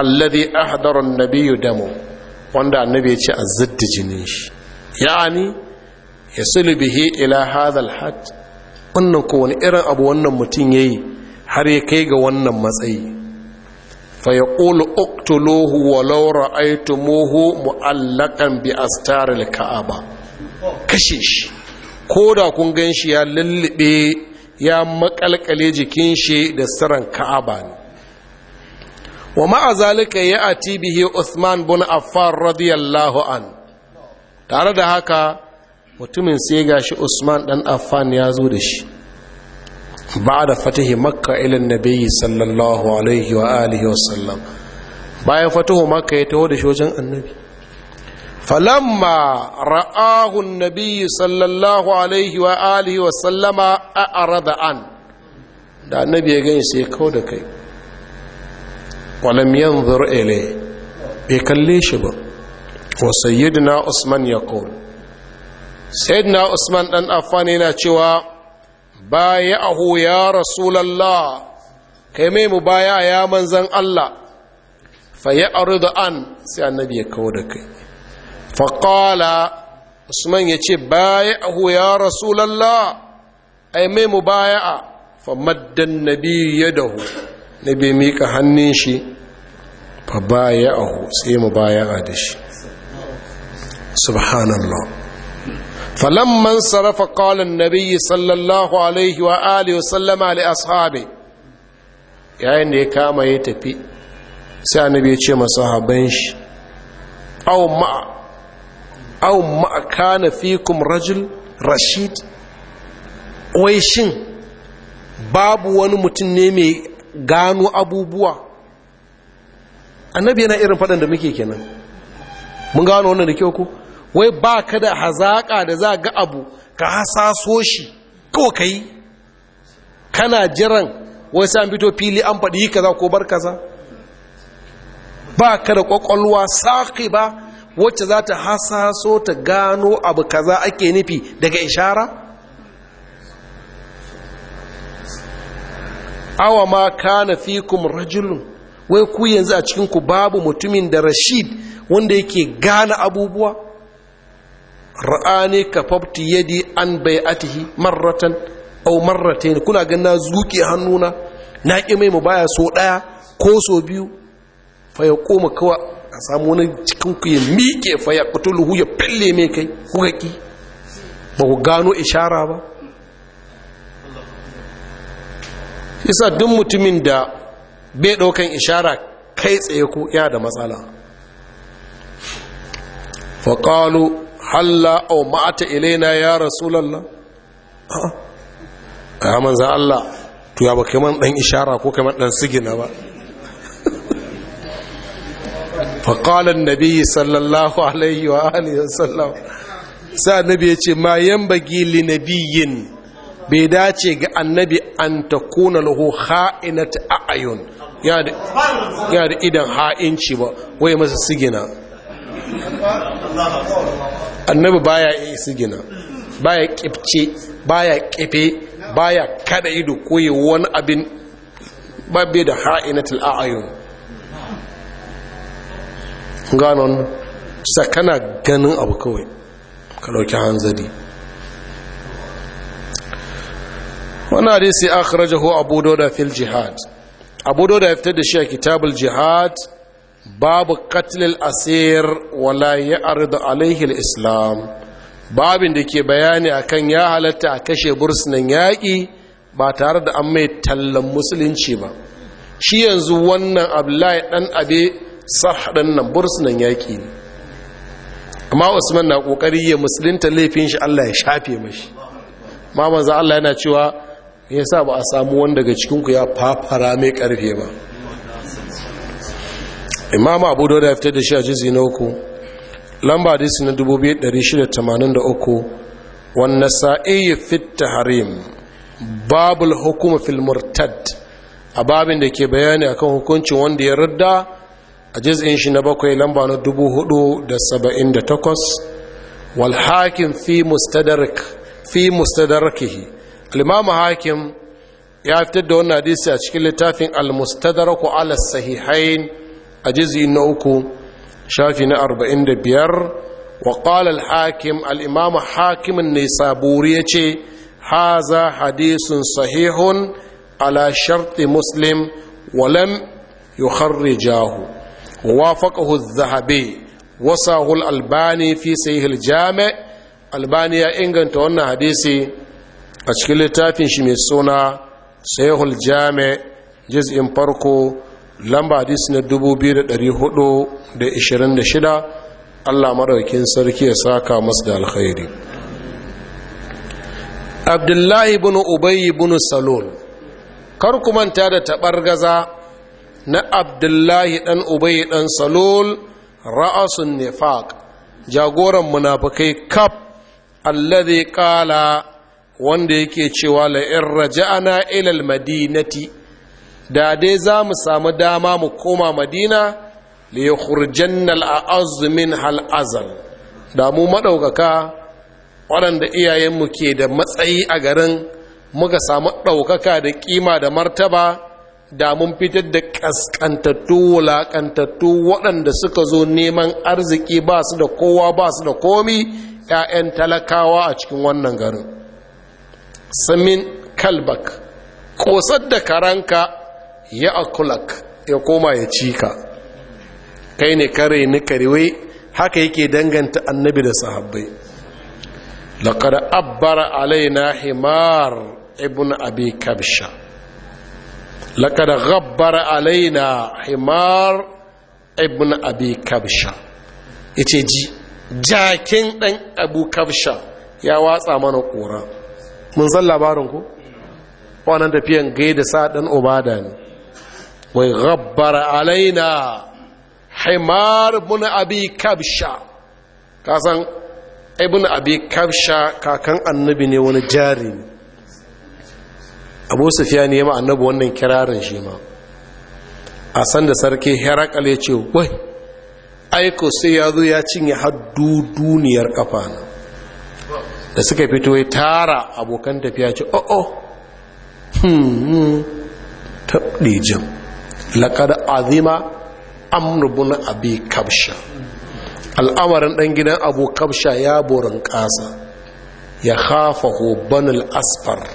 alladhi ahdara an-nabiyyu damu wanda annabi ya ce a zidda jinin Ya'ani ya bihi ila hadhal hat wannan ko wani irin abu wannan mutum yayi har ya kai ga wannan matsayi fa yaqulu uqtuluhu law ra'aytumuhu mu'allaqan bi astaril ka'aba kashe shi koda kun gan shi ya lullube ya makalkale jikin shi da siran ka'aba ne wa ma'a zalika ya'ati bihi Usman bin Affan radiyallahu an tare da haka mutumin sai ga shi usman dan affan ya zo da shi ba da fatahi makka ilin nabi sallallahu alaihi wa alihi wa sallam bayan fatahu makka ya taho da shi wajen annabi falamma ra'ahu nabi sallallahu alaihi wa alihi wa sallama a arada an da annabi ya gani sai kawo da kai walam yanzur ilai bai kalle shi ba wa sayyidina usman ya kowal sayyidina usman dan afani na cewa baya ahu ya rasulallah kai mai mu baya ya manzan allah fa ya da an sai annabi ya kawo da kai faƙala usman ya ce baya ahu ya rasulallah ai mai mu baya a famaddan nabi ya dahu nabi mika hannun shi fa baya ahu sai mu baya a da shi subhanallah falamman sarrafa ƙalin nabi sallallahu alaihi wa alihi wa sallama li ashabi yayin da ya kama ya tafi sai annabi ce masu haban shi au ma'aka rajul rashid wai shin babu wani mutum ne mai gano abubuwa annabi yana irin faɗin da muke kenan mun gano wannan da kyau ko? wai ba ka da hazaƙa da za ga abu ka hasaso shi kawai ka yi kana jiran wai sa an fito fili an faɗi kaza ko bar kaza ba ka da ƙwaƙwalwa saƙi ba wacce za ta hasaso ta gano abu kaza ake nufi daga ishara? awa ma kana fikum rajulun wai ku yanzu a cikinku babu mutumin da rashid wanda yake gane abubuwa ra'ani ka fafti yadi an bai'atihi marratan au marratain kuna ganin na zuke hannuna na ki mai mu baya so daya ko so biyu fa ya koma kawa a samu wani cikin ku ya miƙe fa ya kutuluhu ya fille mai kai kuka ki ba ku gano ishara ba isa duk mutumin da bai daukan ishara kai tsaye ko ya da matsala faƙalo halla au ma'ata ilaina ya rasulallah a manzan Allah to ya ba kaman dan ishara ko kaman dan sigina ba faƙalar nabi sallallahu alaihi wa alihi wasallam sa nabi ya ce ma yan bagi li nabiyin bai dace ga annabi an ta kuna lahu ha'inata a'ayun ya da idan ha'inci ba wai masa sigina annabi baya iya su gina baya ya baya ba baya kada ido koyi wani abin babbe da ha'inatul a'ayun sa kana ganin abu kawai ka dauki hanzari wannan hadisi akhrajahu abu dawud fil jihad abu dawud ya fitar da shi a kitabul jihad babu katilil asir wala ya arda alaihi islam babin da ke bayani akan ya halatta a kashe bursunan yaƙi ba tare da an mai tallan musulunci ba shi yanzu wannan abdullahi ɗan abe sahadan nan bursunan yaƙi ne amma usman na ƙoƙari ya musulunta laifin shi allah ya shafe mashi ma manzo allah yana cewa ya sa ba a samu wanda daga cikinku ya fafara mai ƙarfe ba Imamu abu da ya fitar da shi a jizi na uku lamba isi na 2683 wanda nasa'i fit tahrim babul hukum fil murtad a babin da ke bayani akan hukuncin wanda ya radda a jiz'in shi na bakwai lamba na 478 wal hakim fi mustadrak fi mustadarki Alimamu hakim ya fitar da wannan hadisi a cikin littafin al mustadarku ala sahihain a jizi na uku shafi na arba'in da biyar wa ƙalal hakim al'imamu hakimin ne saburi ya ce haza hadisun sahihun ala sharti muslim walam yukharrijahu wafaqahu adh-dhahabi wasahu al-albani fi sahih al-jami' albani ya inganta wannan hadisi a cikin littafin shi mai suna sahih al-jami' juz'in farko lamba hadis na 2426 Allah maraukin sarki ya saka masu da alkhairi abdullahi ibn ubayy ibn salul kar ku manta da gaza na abdullahi dan ubayy dan salul ra'asun nifaq jagoran munafikai kaf alladhi qala wanda yake cewa la in raja'ana ila almadinati da dai za mu samu dama mu koma madina da ya hurjanna al'azumin hal'azal da mu maɗaukaka waɗanda iyayenmu ke da matsayi a garin muka samu ɗaukaka da ƙima da martaba da mun fitar da ƙasƙantattu wulaƙantattu waɗanda suka zo neman arziki ba su da kowa ba su da komi 'ya'yan talakawa a cikin wannan garin samin kalbak ƙosar da karanka ya akulak ya koma ya cika kai ne kare ni karewe haka yake danganta annabi da sahabbai laqad abbara alaina himar ibn abi kabsha laqad ghabbara alaina himar ibn abi kabsha yace ji jakin dan abu kabsha ya watsa mana kora mun san labarin ku wannan tafiyan gaida sa dan obada ne wai gabbar alaina himar bin abi kabsha kasan ibn abi kabsha kakan annabi ne wani jari abu sufiya ne ma annabi wannan kirarin shi ma a sanda sarki herakal ya ce wai aiko sai ya zo ya cinye haddu duniyar kafa na da suka fito ya tara abokan tafiya ce o'o hmm taɓe laƙar azima amrubun abi kabsha al'amarin ɗan gidan abu kabsha ya borin ƙasa ya hafa hoban asfar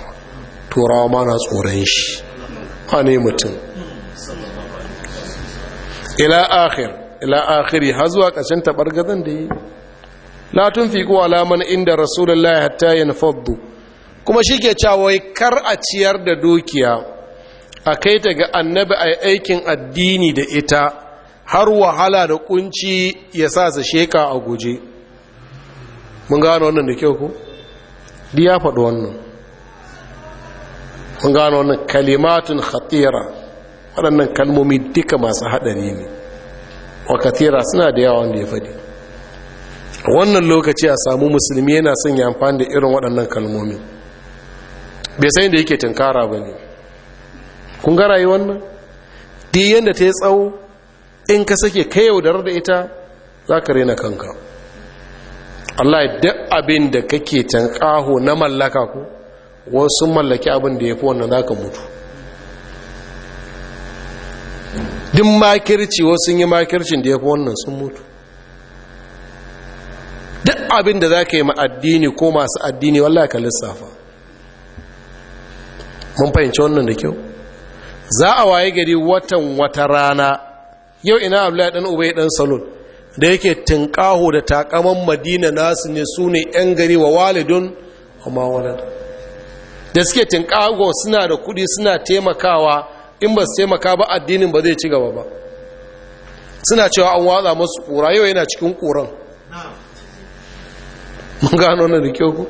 turawa mana tsoron shi ne mutum ila akhir ila akhiri har zuwa ƙarshen gazan da yi la tunfiqu ala man inda rasulullahi na yanfaddu kuma shi ke cawai kar a ciyar da dukiya a kai ta ga annabi a aikin addini da ita har wahala da kunci ya sa su sheka a guje mun gano wannan da kyau ku? di ya faɗi wannan mun gano wannan kalimatun khatira waɗannan kalmomi duka masu haɗari ne wa katira suna da yawa wanda ya faɗi wannan lokaci a samu musulmi yana son ya amfani da irin waɗannan kalmomi bai sai da yake tunkara ba ne kun ga rayuwar nan duk yadda ta yi tsawo in ka sake kai yaudar da ita za ka rena kanka Allah ya duk abin da kake tankaho na mallaka ku wasu mallaki abin da ya fi wannan za ka mutu duk makirci wasu yi makircin da ya fi wannan sun mutu duk abin da za ka yi ma'addini ko masu addini wallaka lissafa mun fahimci wannan da kyau za a waye gari watan wata rana yau ina abdullahi dan ubay dan salon da yake tinkaho da takaman madina nasu ne su ne yan gari wa walidun amma walad da suke tunƙaho suna da kudi suna taimakawa in ba su taimaka ba addinin ba zai ci gaba ba suna cewa an watsa masu kura yau yana cikin kuran mun gano na da kyau ku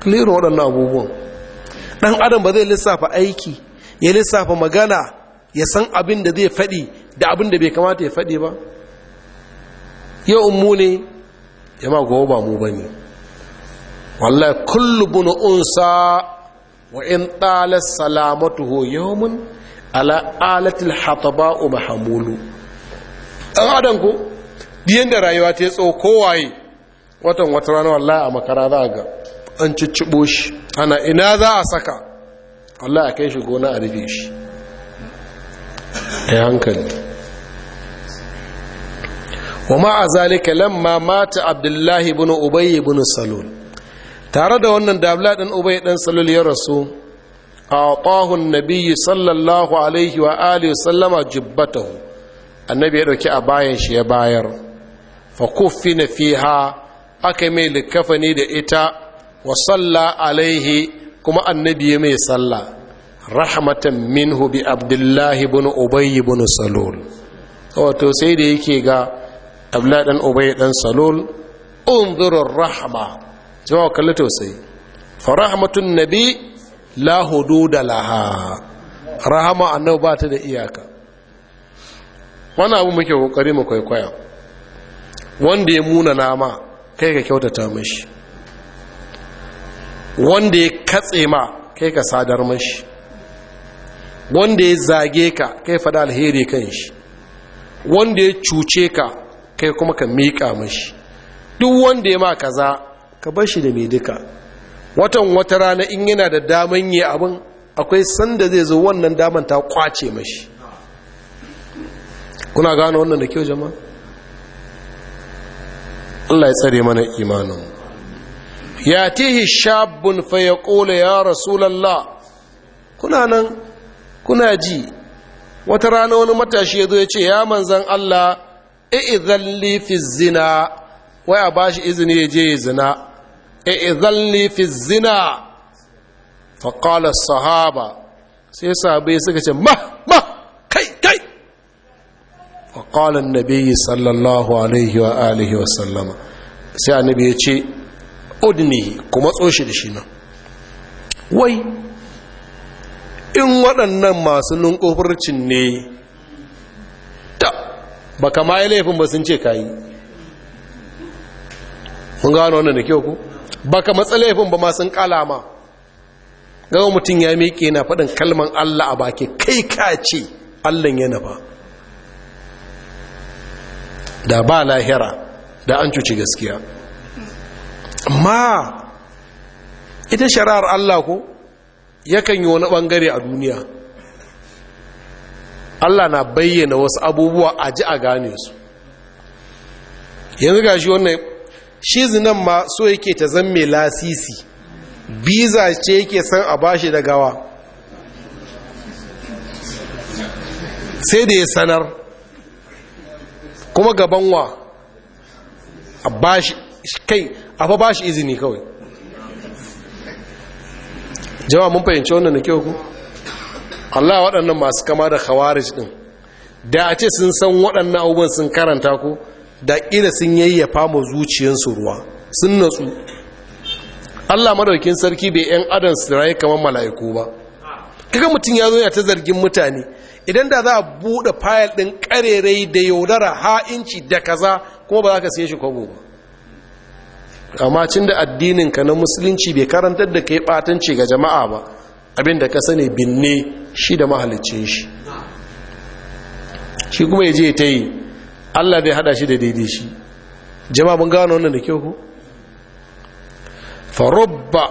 clear waɗannan abubuwan ɗan adam ba zai lissafa aiki ya lissafa magana ya san abin da zai faɗi da abin da bai kamata ya faɗi ba yau mu ne ya ma gowa ba mu ba ne wallahi kullu bunu unsa wa in ɗalar salamatuhu yawmun ala alatil hataba'u mahamulu ɗan adam ko biyan da rayuwa ta yi kowaye watan wata rana wallahi a makara za a ga an cicciɓo shi ana ina za a saka Allah a kai shi gona a rufe shi ya hankali wa a zalika lamma mata abdullahi bin ubayy bin salul tare da wannan dabla ɗin ubayy dan salul ya rasu a ƙahun nabiy sallallahu alaihi wa alihi sallama jibbatahu annabi ya ɗauki a bayan shi ya bayar fa fi fiha aka mai likafani da ita wa salla alaihi kuma annabi ya mai sallah rahmatan minhu bi abdullahi ibn ubay ibn salul wato sai da yake ga abdullahi dan ubay dan salul unzurur rahma jama'a kalli tausayi fa rahmatun nabi la da laha rahama annabi ba ta da iyaka wani abu muke kokari mu kwaikwaya wanda ya muna nama kai ka kyautata mashi wanda ya katse ma kai ka sadar mashi wanda ya zage ka kai fada alheri kan shi wanda ya cuce ka kai kuma ka miƙa mashi duk wanda ya ma kaza ka bar shi da mai duka watan wata rana in yana da daman yi abin akwai sanda zai zo wannan daman ta kwace mashi kuna gano wannan da kyau jama'a Allah ya tsare mana imanin Ya tihi shabbun fa yaqulu ya rasulallah. kuna nan kuna ji wata rana wani matashi ya zo ya ce ya manzan Allah i'izalli fi zina wai a bashi izini ya je ya zina i'izalli fi zina fa qala sahaba sai sahabbai suka ce ma ma kai kai fa qala annabi sallallahu alaihi wa alihi wa sallama sai annabi ya ce udnihi kuma tsoshi da shi nan wai in waɗannan masu nunkufurcin ne ta ba kama yi laifin ba sun ce ka yi mun gano wannan da kyau ku ba ka matsa laifin ba masu kalama gawa mutum ya miƙe na faɗin kalman allah a baki kai ka ce yana ba da ba lahira da an cuci gaskiya amma ita shari'ar Allah ko yakan yi wani bangare a duniya Allah na bayyana wasu abubuwa a ji a gane su yanzu ga shi wannan shi zinan ma so yake ta zan mai lasisi biza ce yake san a bashi da gawa sai da ya sanar kuma gabanwa a bashi kai a fa ba shi izini kawai jama'a mun fahimci wannan da kyau ku Allah waɗannan masu kama da khawarij ɗin da a ce sun san waɗannan abubuwan sun karanta ku da ƙira sun yayyafa mu zuciyarsu ruwa sun natsu Allah madaukin sarki bai yan adam su raye kamar mala'iku ba kaga mutum ya zo ya ta zargin mutane idan da za a buɗe fayil ɗin ƙarerai da yaudara ha'inci da kaza kuma ba za ka siye shi kwabo ba amma cin da addininka na musulunci bai karantar da ka yi batanci ga jama'a ba Abinda ka sani binne shi da mahalicin shi shi kuma ya je ta yi allah bai hada shi da daidai shi jama'a mun gano wannan da kyau ku farubba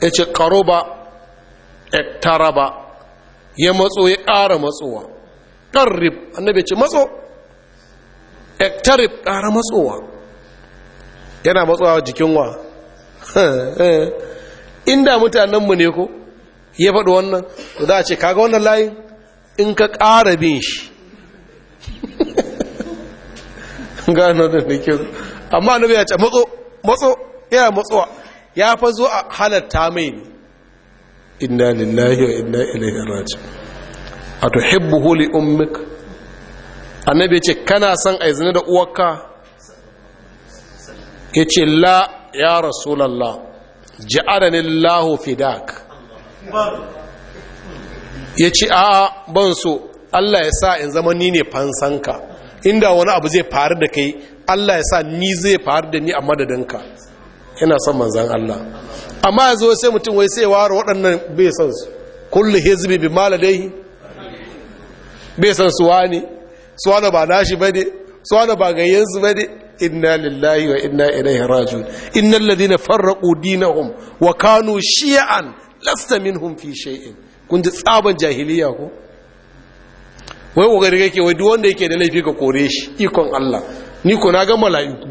ya ce karuba ba. ya matso ya ƙara matsowa ƙarrib annabi ce matso rib ƙara matsowa yana matsawa jikin wa inda mutanenmu ne ko ya faɗi wannan to za a ce kaga wannan layin in ka ƙara bin shi gano da da kyau amma na ya ce matso matso yana matsawa ya fa zo a halatta mai ne inna lillahi wa inna ilaihi raji a tuhibbu huli ummik annabi ya ce kana son aizini da uwarka yace la ya rasulallah ja'adani lahu fidak yace a ban so allah ya sa in zama ni ne fansanka inda wani abu zai faru da kai allah ya sa ni zai faru da ni a madadinka Ina son manzan allah amma yanzu sai mutum wai sai waro waɗannan bai san su kullu hizbi bi maladai bai san su wani su wani ba nashi bane su wani ba gayyansu bane inna lillahi wa inna ilaihi rajiun innal ladina farraqu dinahum wa kanu shi'an lasta minhum fi shay'in kun ji tsaban jahiliya ko wai kokari kake wai duk wanda yake da laifi ka kore shi ikon Allah ni ko na ga mala'iku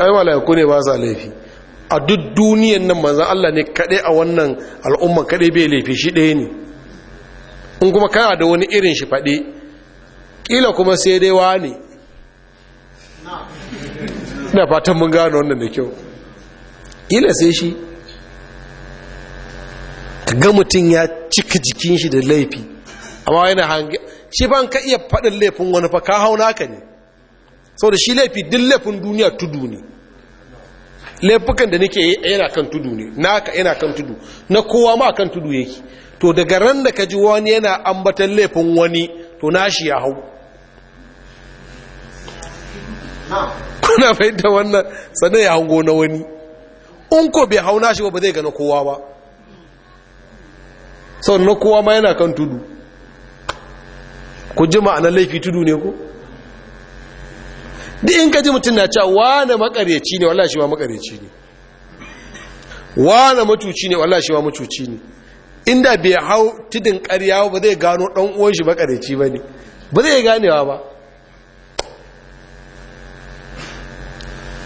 ai mala'iku ne ba sa laifi a duk duniyar nan manzon Allah ne kadai a wannan al'umma kadai bai laifi shi ɗaya ne in kuma kana da wani irin shi faɗe Kila kuma sai dai wa ne ina fatan mun gano wannan da kyau Kila sai shi ga mutum ya cika jikin shi da laifi amma yana hangi shi ban ka iya faɗin laifin wani fa ka hau naka ne da shi laifi duk laifin duniya tudu ne laifukan da nake yana kan tudu ne naka yana kan tudu na kowa ma kan tudu yake to daga ran da ka ji wani yana ambatan laifin wani to nashi ya hau kuna fahimta wannan sannan ya hango na wani in ko bai hauna shi ba zai gana kowa ba sau na kowa ma yana kan tudu ku ji ma'anar laifi tudu ne ku duk in ka ji mutum na cewa wane makareci ne wallah shi ma makareci ne wane matuci ne wallah shi ma matuci ne inda bai hau tudun karyawa ba zai gano ɗan uwan shi makareci ba ne ba zai ganewa ba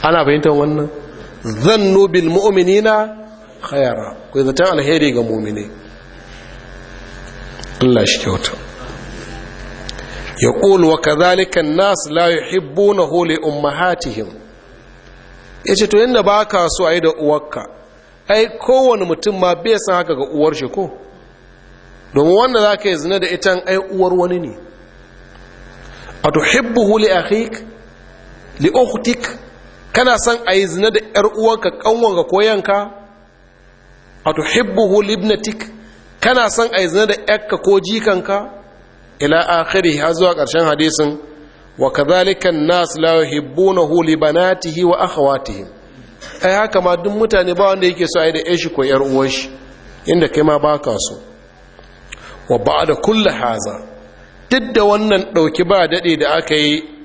ana fahimtar wannan zannu bil mu'minina khayara ku zaton alheri ga mu'mine Allah shi kyauta yaqul wa kadhalika an-nas la yuhibbunahu li ummahatihim yace to yanda baka so ayi da uwarka ai kowane mutum ma bai san haka ga uwar shi ko domin wanda zaka yi zina da ita ai uwar wani ne atuhibbuhu li akhik li ukhtik kana son a yi zina da ‘yar uwanka ƙanwanka ko yanka a tuhibbuhu libnatik kana son a yi zina da ‘yarka ko jikanka ila akhiri har zuwa karshen hadisin wa kadhalika nas la yuhibbunahu li banatihi wa akhawatihi ai haka ma duk mutane ba wanda yake so yi da ƴan ko ƴar uwan shi inda kai ma baka so wa ba'da kulli haza duk da wannan dauki ba dade da aka yi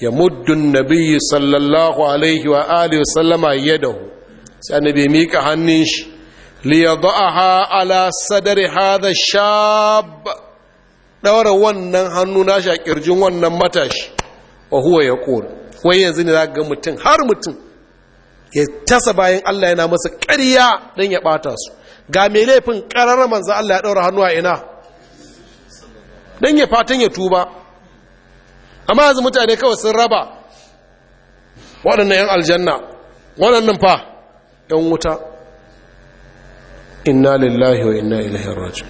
ya muddun Nabiyyu sallallahu alaihi wa alihi sallama yadahu sai annabi mika hannun shi li ha ala sadri hadha shab dawar wannan hannu shi a kirjin wannan matashi wa huwa yaqul wai yanzu ne zaka ga mutum har mutum ya tasa bayan Allah yana masa ƙarya dan ya bata su ga mai laifin ƙarar manzo Allah ya daura hannu a ina dan ya fatan ya tuba amma yanzu mutane kawai sun raba waɗannan 'yan aljanna waɗannan fa 'yan wuta inna lillahi wa inna ilaihi raju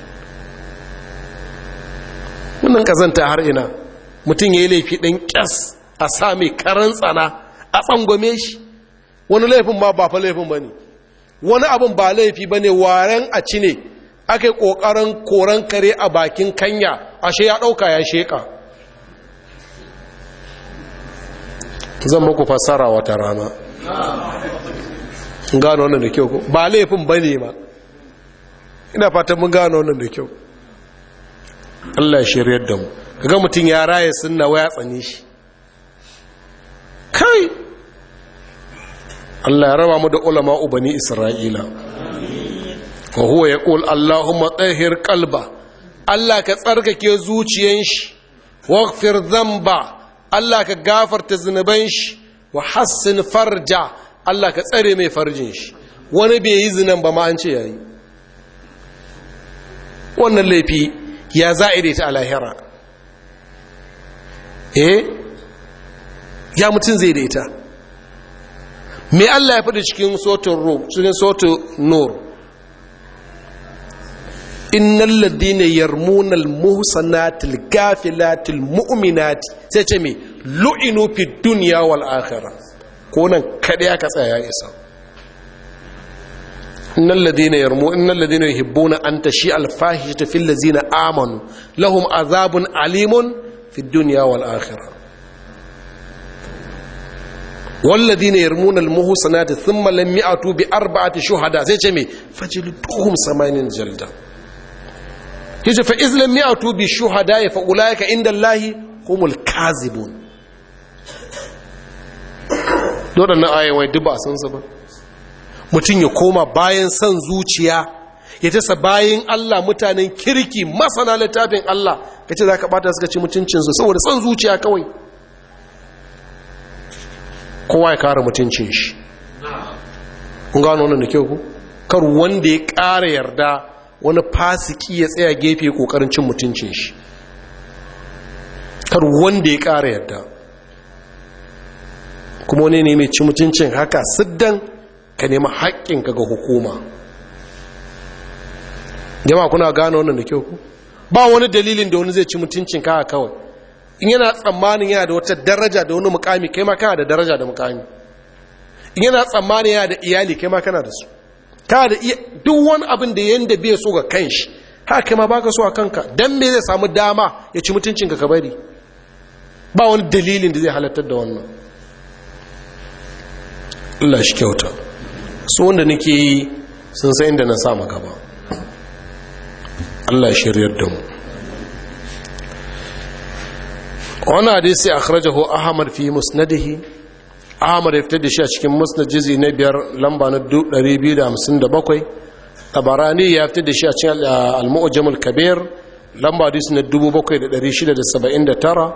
wannan kazanta har ina mutum ya yi laifi ɗan ƙyas a sami tsana a tsangwame shi wani laifin ba fa laifin ba ne wani abin ba laifi ba ne waren a cine ne aka ƙoƙarin koren kare a bakin kanya ashe ya ɗauka ya sheƙa zan muku fasara wata rana gano wannan da kyau ba laifin ba ne ba ina fatan mun gano wannan da kyau allah ya da mu ga mutum ya raya sunna waya tsani shi kai allah ya raba mu da ulama ubani isra'ila ko huwa ya ƙul allahumma tsahir kalba allah ka tsarkake zuciyan shi waqfir zamba Allah ka gafarta zunuban shi wa hassin farja Allah ka tsare mai farjin shi wani bai yi zinan ba ma an ce yayi wannan laifi ya za'ire ta alahira eh ya mutum zai da ita me Allah ya faɗi cikin sotun rum cikin sotun nur إن الذين يرمون المحصنات الكافلات المؤمنات سيتمي لعنوا في الدنيا والآخرة كونا كديا كسايا إسا إن الذين يرمون إن الذين يحبون أن تشيء الفاحشة في الذين آمنوا لهم عذاب عليم في الدنيا والآخرة والذين يرمون المحصنات ثم لم يأتوا بأربعة شهداء سيتمي فجلدوهم ثمانين جلدة yace fa izlam ya'tu bi shuhada'i fa ulaika inda Allahi humul kazibun waɗannan ayyawai ayi wai a san sa ba mutum ya koma bayan san zuciya ya tasa bayan Allah mutanen kirki masana littafin Allah kace zaka bata ka suka ci mutuncinsu saboda san zuciya kawai kowa ya kara mutuncin shi kun gano wannan da kyau ku kar wanda ya ƙara yarda wani fasiki ya tsaya gefe kokarin cin mutuncin shi kar wanda ya ƙara yadda kuma wani ne mai cin mutuncin haka siddan ka nema haƙƙinka ga hukuma jama kuna gano wannan da kyau ku ba wani dalilin da wani zai ci mutuncin ka kawai in yana tsammanin yana da wata daraja da wani mukami kai ma kana da daraja da mukami in yana tsammanin yana da iyali kai ma kana da su ka da duk wani abin da yanda bai so ga kanshi haka ma baka so a kanka dan me zai samu dama ya ci mutuncin ka bari ba wani dalilin da zai halattar da wannan Allah shi kyauta su wanda nake yi sun san inda na sa maka ba Allah shiryar da mu wani hadisi akhrajahu ahmad fi musnadihi ahmad ya fitar da shi a cikin Musna jizi na biyar lamba na 257 tabarani ya fitar da shi a cikin uh, al-mu'jam kabir lamba hadisi na 7679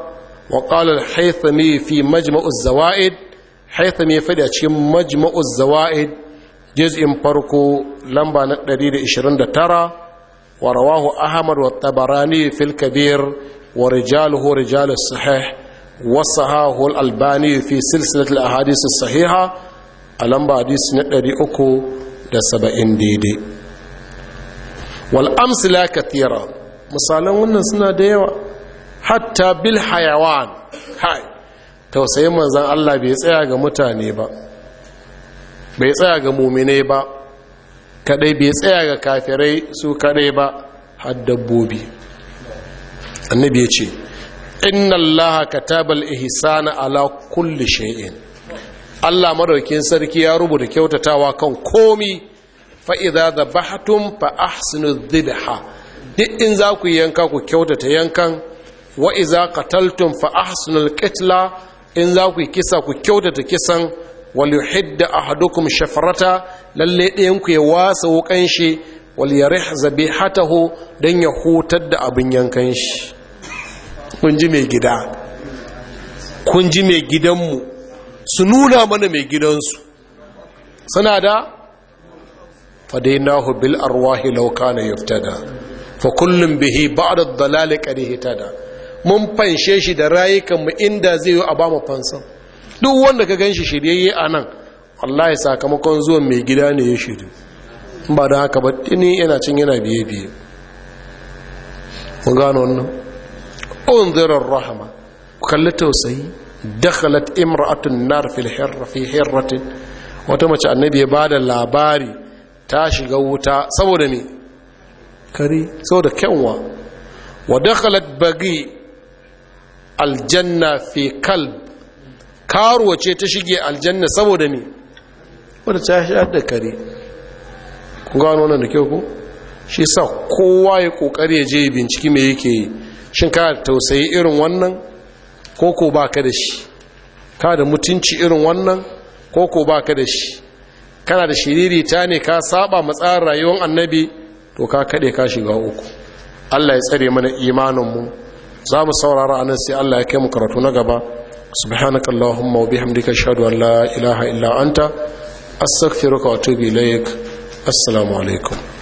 wa qala al-haythami fi majma' az-zawaid haythami ya fadi a cikin majma' az-zawaid juz'in farko lamba na 129 wa rawahu ahmad wa tabarani fil kabir wa rijaluhu rijalus sahih wasahahu al-albani fi silsilatu ahadith as-sahiha a lamba hadisi na saba'in daidai wal amsila kathira misalan wannan suna da yawa hatta bil hayawan hai tausayin manzan Allah bai tsaya ga mutane ba bai tsaya ga muminai ba kaɗai bai tsaya ga kafirai su kaɗai ba har dabbobi annabi ya ce inna allaha katabal ihsana ala kulli shay'in Allah madaukin sarki ya rubuta kyautatawa kan komi fa idza dhabhatum fa ahsinu dhibha duk in za ku yanka ku kyautata yankan wa idza qataltum fa ahsinul qitla in za ku kisa ku kyautata kisan wal yuhidda ahadukum shafrata lalle ɗayan ku ya wasa wukan shi wal yarih zabihatahu dan ya hutar da abin yankan shi kun ji mai gida kun ji mai gidanmu su nuna mana mai gidansu suna da fadainahu bil arwahi na na yuftada fa kullum bihi ba'da dalali dalal qad da mun fanshe shi da rayukan mu inda zai yi a ba fansan duk wanda ka ganshi shiryayye nan wallahi sakamakon zuwan mai gida ne ya shiryu ba da haka ba ni yana cin yana biye biye mun gano wannan انظر rahama ku kalli tausayi dakhalat imra'atun في fil في وتمت wata mace annabi ya bada labari ta shiga wuta saboda me kare saboda kyanwa wa dakhalat bagi aljanna fi kalb karuwa ce ta shige aljanna saboda shi da kare ku gano wannan da kyau ko shi sa kowa ya kokari ya je binciki me yake yi shin ka da tausayi irin wannan ko ko ba ka da shi ka da mutunci irin wannan ko ko ba ka da shi kana da shiririta ne ka saba matsayin rayuwar annabi to ka kaɗe ka shiga uku allah ya tsare mana imaninmu za mu saurara anan sai allah ya kai mu karatu na gaba subhanaka allahumma wa bihamdika ashhadu an la ilaha illa anta astaghfiruka wa atubu ilaik assalamu alaikum